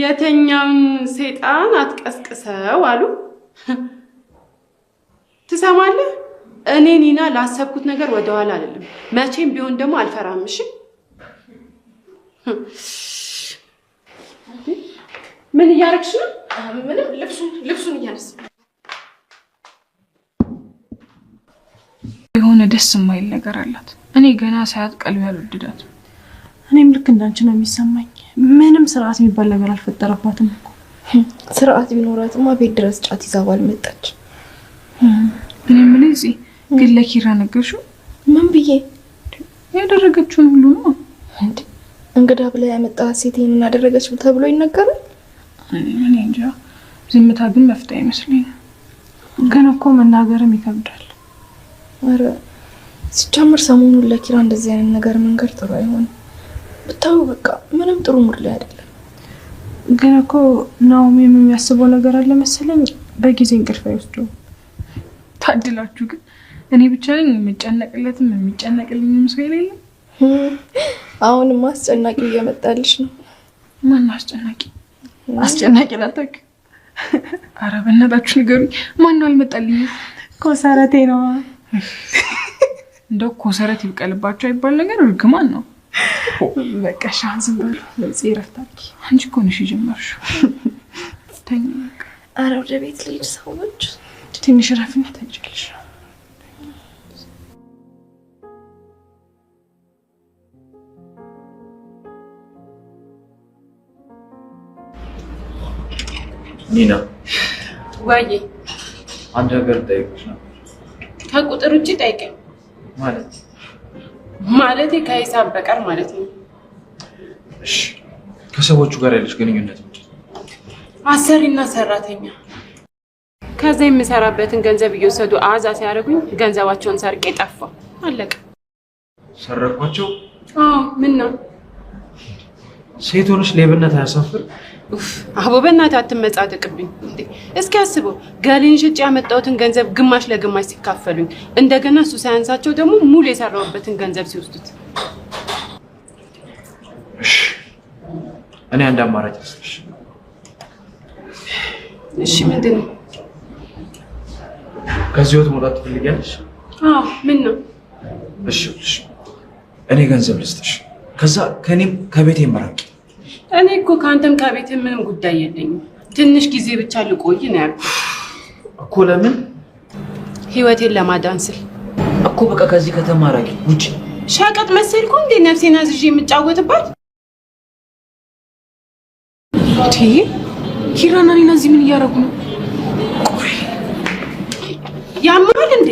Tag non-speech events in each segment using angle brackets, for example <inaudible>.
የተኛውን ሰይጣን አትቀስቅሰው አሉ። ትሰማለህ? እኔ ኒና ላሰብኩት ነገር ወደኋላ አይደለም። መቼም ቢሆን ደግሞ አልፈራምሽ። ምን እያደረግሽ ነው? ምንም። ልብሱን ልብሱን እያነሳ የሆነ ደስ የማይል ነገር አላት። እኔ ገና ሳያት ቀልብ ያልወደዳት። እኔም ልክ እንዳንቺ ነው የሚሰማኝ ምንም ስርዓት የሚባል ነገር አልፈጠረባትም። ስርዓት ቢኖራትማ ቤት ድረስ ጫት ይዛ ባልመጣች። እኔ የምልህ እዚህ ግን ለኪራ ነገርሽው? ምን ብዬ? ያደረገችውን ሁሉ ነው እንግዳ ብላ ያመጣ ሴት ይህን ያደረገችው ተብሎ ይነገራል። እኔ እንጃ። ዝምታ ግን መፍትሄ አይመስለኝም። ግን እኮ መናገርም ይከብዳል። ኧረ ሲጀምር ሰሞኑን ለኪራ እንደዚህ አይነት ነገር መንገር ጥሩ አይሆንም። ብታዩ በቃ ምንም ጥሩ ሙድ ላይ አይደለም። ግን እኮ ናውም የሚያስበው ነገር አለ መሰለኝ። በጊዜ እንቅልፍ አይወስደውም። ታድላችሁ ግን እኔ ብቻ ነኝ የምጨነቅለትም የሚጨነቅልኝም ሰው የሌለ። <laughs> አሁንም አስጨናቂ እየመጣልሽ ነው። ማን አስጨናቂ? አስጨናቂ ላታክ ኧረ <laughs> በእናታችሁ ንገሩኝ፣ ነው አልመጣልኝ? ኮሰረቴ ነው። እንደው ኮሰረት ይብቀልባቸው አይባል ነገር እርግማን ነው። በቃ ዝም በሉ። ለዚህ እረፍት አድርጊ። አንቺ እኮ ነሽ የጀመርሽው። ተኝ በቃ። ኧረ ወደ ቤት ልሂድ። ሰዎች ትንሽ እረፍና ተጫለሽ ኒና ዋዬ፣ አንድ ነገር ልጠይቅሽ ነበር። ከቁጥር ውጭ ጠይቀኝ ማለት ማለት ከሂሳብ በቀር ማለት ነው። እሺ ከሰዎቹ ጋር ያለች ግንኙነት አሰሪና ሰራተኛ ከዛ የምሰራበትን ገንዘብ እየወሰዱ አዛ ሲያደርጉኝ ገንዘባቸውን ሰርቄ ጠፋ። አለቀ። ሰረኳቸው? ምን ነው ሴት ሌብነት አያሳፍር? አቦ በእናትህ አትመጻደቅብኝ እንዴ! እስኪ አስበው ጋሌን ሽጬ ያመጣሁትን ገንዘብ ግማሽ ለግማሽ ሲካፈሉኝ፣ እንደገና እሱ ሳያንሳቸው ደግሞ ሙሉ የሰራሁበትን ገንዘብ ሲወስዱት። እሺ እኔ አንድ አማራጭ ልስጥሽ። እሺ ምንድን ነው? ከዚህ ወጥ መውጣት ትፈልጊያለሽ? አዎ። ምን ነው? እሺ እኔ ገንዘብ ልስጥሽ፣ ከዛ ከኔም ከቤቴ መራቂ እኔ እኮ ከአንተም ከቤት ምንም ጉዳይ የለኝም። ትንሽ ጊዜ ብቻ ልቆይ ነው ያልኩህ እኮ። ለምን? ህይወቴን ለማዳን ስል እኮ። በቃ ከዚህ ከተማ ራቂ፣ ውጭ። ሸቀጥ መሰልኩ እንዴ ነፍሴን አዝዤ የምጫወትባት? ኪራና እኔን እዚህ ምን እያደረጉ ነው? ያማል እንዴ?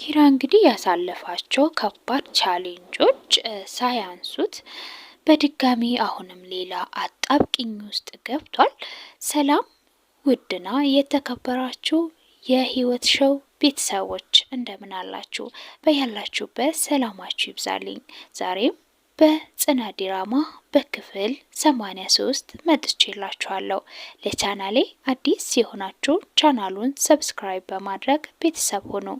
ኪራ እንግዲህ ያሳለፋቸው ከባድ ቻሌንጆች ሳያንሱት በድጋሚ አሁንም ሌላ አጣብቂኝ ውስጥ ገብቷል። ሰላም ውድና የተከበራችሁ የህይወት ሸው ቤተሰቦች እንደምን አላችሁ? በያላችሁበት ሰላማችሁ ይብዛልኝ። ዛሬም በጽና ዲራማ በክፍል 83 መጥቼላችኋለሁ። ለቻናሌ አዲስ የሆናችሁ ቻናሉን ሰብስክራይብ በማድረግ ቤተሰብ ሆኖ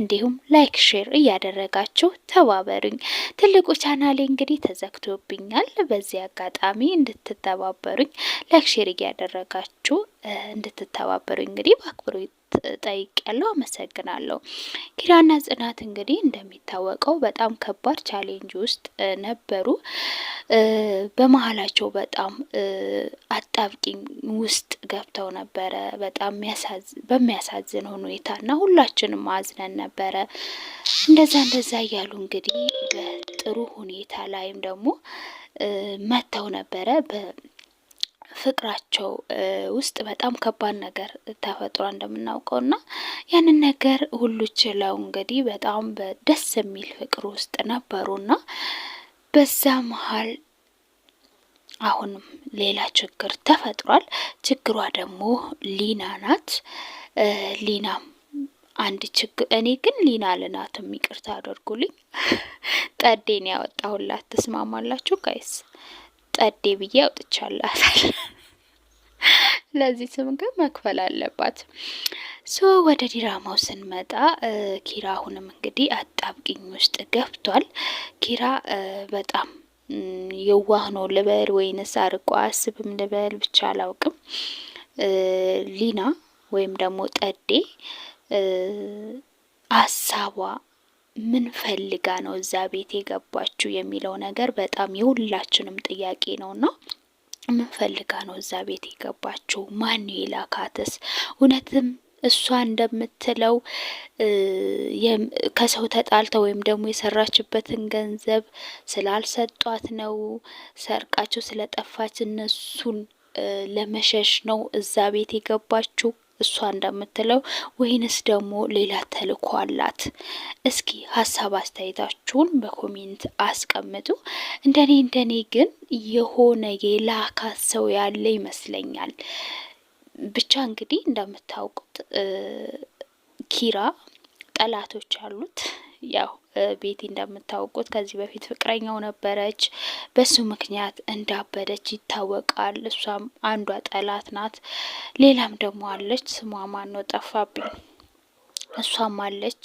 እንዲሁም ላይክ፣ ሼር እያደረጋችሁ ተባበሩኝ። ትልቁ ቻናሌ እንግዲህ ተዘግቶብኛል። በዚህ አጋጣሚ እንድትተባበሩኝ ላይክ፣ ሼር እያደረጋችሁ እንድትተባበሩኝ እንግዲህ በአክብሮት ያለው አመሰግናለሁ። ኪራና ጽናት እንግዲህ እንደሚታወቀው በጣም ከባድ ቻሌንጅ ውስጥ ነበሩ። በመሀላቸው በጣም አጣብቂኝ ውስጥ ገብተው ነበረ በጣም በሚያሳዝን ሁኔታ እና ሁላችንም አዝነን ነበረ። እንደዛ እንደዛ እያሉ እንግዲህ በጥሩ ሁኔታ ላይም ደግሞ መጥተው ነበረ። ፍቅራቸው ውስጥ በጣም ከባድ ነገር ተፈጥሮ እንደምናውቀው እና ያንን ነገር ሁሉ ችለው እንግዲህ በጣም በደስ የሚል ፍቅር ውስጥ ነበሩ ነበሩና በዛ መሀል አሁንም ሌላ ችግር ተፈጥሯል። ችግሯ ደግሞ ሊና ናት። ሊናም አንድ ችግር እኔ ግን ሊና ልናት ይቅርታ አድርጉልኝ፣ <laughs> ጠዴን ያወጣሁላት። ተስማማላችሁ ጋይስ? ጠዴ ብዬ አውጥቻለሁ ለዚህ ስም ግን መክፈል አለባት። ሶ ወደ ዲራማው ስንመጣ ኪራ አሁንም እንግዲህ አጣብቂኝ ውስጥ ገብቷል። ኪራ በጣም የዋህ ነው ልበል ወይንስ አርቆ አስብም ልበል ብቻ አላውቅም። ሊና ወይም ደግሞ ጠዴ አሳቧ ምን ፈልጋ ነው እዛ ቤት የገባችው የሚለው ነገር በጣም የሁላችንም ጥያቄ ና ምን ፈልጋ ነው እዛ ቤት የገባችው? ማን የላካትስ? እውነትም እሷ እንደምትለው ከሰው ተጣልተ ወይም ደግሞ የሰራችበትን ገንዘብ ስላልሰጧት ነው ሰርቃቸው ስለጠፋች እነሱን ለመሸሽ ነው እዛ ቤት የገባችው እሷ እንደምትለው ወይንስ ደግሞ ሌላ ተልእኮ አላት? እስኪ ሀሳብ አስተያየታችሁን በኮሜንት አስቀምጡ። እንደኔ እንደኔ ግን የሆነ የላካት ሰው ያለ ይመስለኛል። ብቻ እንግዲህ እንደምታውቁት ኪራ ጠላቶች አሉት። ያው ቤቲ እንደምታውቁት ከዚህ በፊት ፍቅረኛው ነበረች። በሱ ምክንያት እንዳበደች ይታወቃል። እሷም አንዷ ጠላት ናት። ሌላም ደግሞ አለች፣ ስሟ ማን ነው ጠፋብኝ። እሷም አለች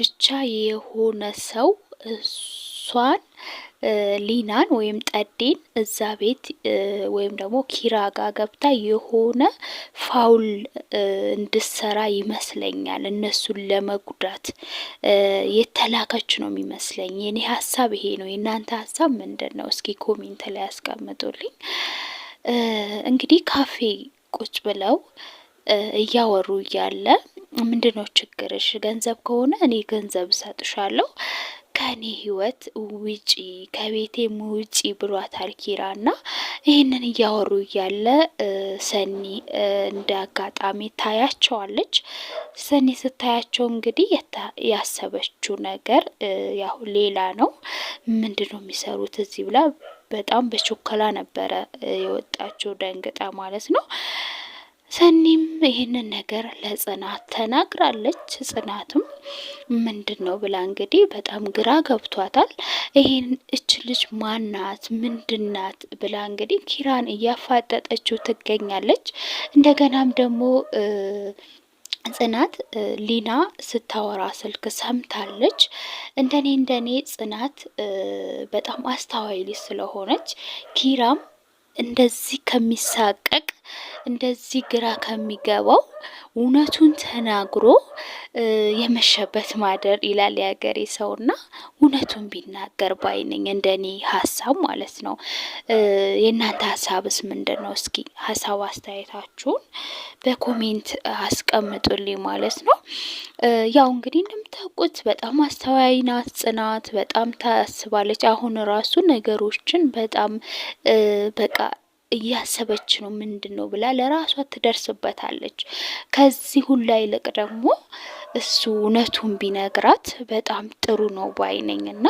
ብቻ የሆነ ሰው እሷን ሊናን ወይም ጠዴን እዛ ቤት ወይም ደግሞ ኪራ ጋ ገብታ የሆነ ፋውል እንድሰራ ይመስለኛል። እነሱን ለመጉዳት የተላከች ነው የሚመስለኝ። የኔ ሀሳብ ይሄ ነው። የእናንተ ሀሳብ ምንድን ነው? እስኪ ኮሜንት ላይ ያስቀምጡልኝ። እንግዲህ ካፌ ቁጭ ብለው እያወሩ እያለ ምንድነው ችግርሽ? ገንዘብ ከሆነ እኔ ገንዘብ እሰጥሻለሁ ከኔ ህይወት ውጪ ከቤቴም ውጪ ብሏታል ኪራ እና ይህንን እያወሩ እያለ ሰኒ እንደ አጋጣሚ ታያቸዋለች። ሰኒ ስታያቸው እንግዲህ ያሰበችው ነገር ያው ሌላ ነው። ምንድን ነው የሚሰሩት እዚህ ብላ በጣም በችኮላ ነበረ የወጣችው ደንግጣ ማለት ነው። ሰኒም ይህንን ነገር ለጽናት ተናግራለች። ጽናትም ምንድን ነው ብላ እንግዲህ በጣም ግራ ገብቷታል። ይህን እች ልጅ ማናት ምንድናት ብላ እንግዲህ ኪራን እያፋጠጠችው ትገኛለች። እንደገናም ደግሞ ጽናት ሊና ስታወራ ስልክ ሰምታለች። እንደኔ እንደኔ ጽናት በጣም አስተዋይ ልጅ ስለሆነች ኪራም እንደዚህ ከሚሳቀቅ እንደዚህ ግራ ከሚገባው እውነቱን ተናግሮ የመሸበት ማደር ይላል የሀገሬ ሰው ሰውና እውነቱን ቢናገር ባይነኝ እንደ እኔ ሀሳብ ማለት ነው። የእናንተ ሀሳብስ ምንድን ነው? እስኪ ሀሳብ አስተያየታችሁን በኮሜንት አስቀምጡልኝ ማለት ነው። ያው እንግዲህ እንደምታውቁት በጣም አስተዋይ ናት ጽናት፣ በጣም ታስባለች። አሁን ራሱ ነገሮችን በጣም በቃ እያሰበች ነው ምንድን ነው ብላ ለራሷ ትደርስበታለች። ከዚህ ሁላ ይልቅ ደግሞ እሱ እውነቱን ቢነግራት በጣም ጥሩ ነው ባይነኝ እና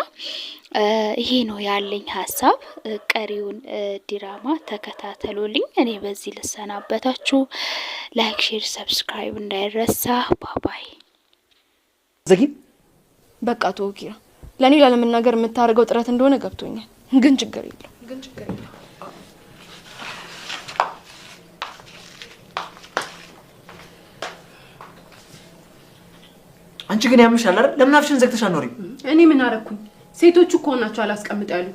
ይሄ ነው ያለኝ ሀሳብ። ቀሪውን ዲራማ ተከታተሉልኝ። እኔ በዚህ ልሰናበታችሁ። ላይክ፣ ሼር፣ ሰብስክራይብ እንዳይረሳ። ባባይ ዘጊ በቃ ቶኪራ ለእኔ ላለመናገር የምታደርገው ጥረት እንደሆነ ገብቶኛል፣ ግን ችግር የለው ግን ችግር አንቺ ግን ያምሻል አይደል? ለምን አፍሽን ዘግተሽ አኖሪ? እኔ ምን አረኩኝ? ሴቶቹ እኮ ናቸው አላስቀምጥ ያሉ።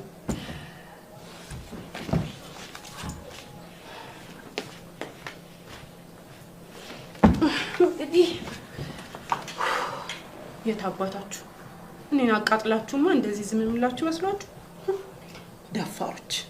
የት አባታችሁ እኔን አቃጥላችሁማ እንደዚህ ዝም የምላችሁ መስሏችሁ ደፋሮች።